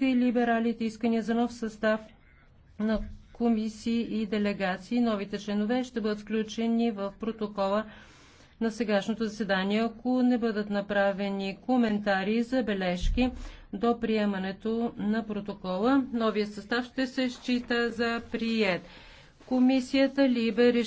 и либералите искания за нов състав на комисии и делегации. Новите членове ще бъдат включени в протокола на сегашното заседание, ако не бъдат направени коментари и забележки до приемането на протокола. Новия състав ще се счита за прият. Комисията Либе реши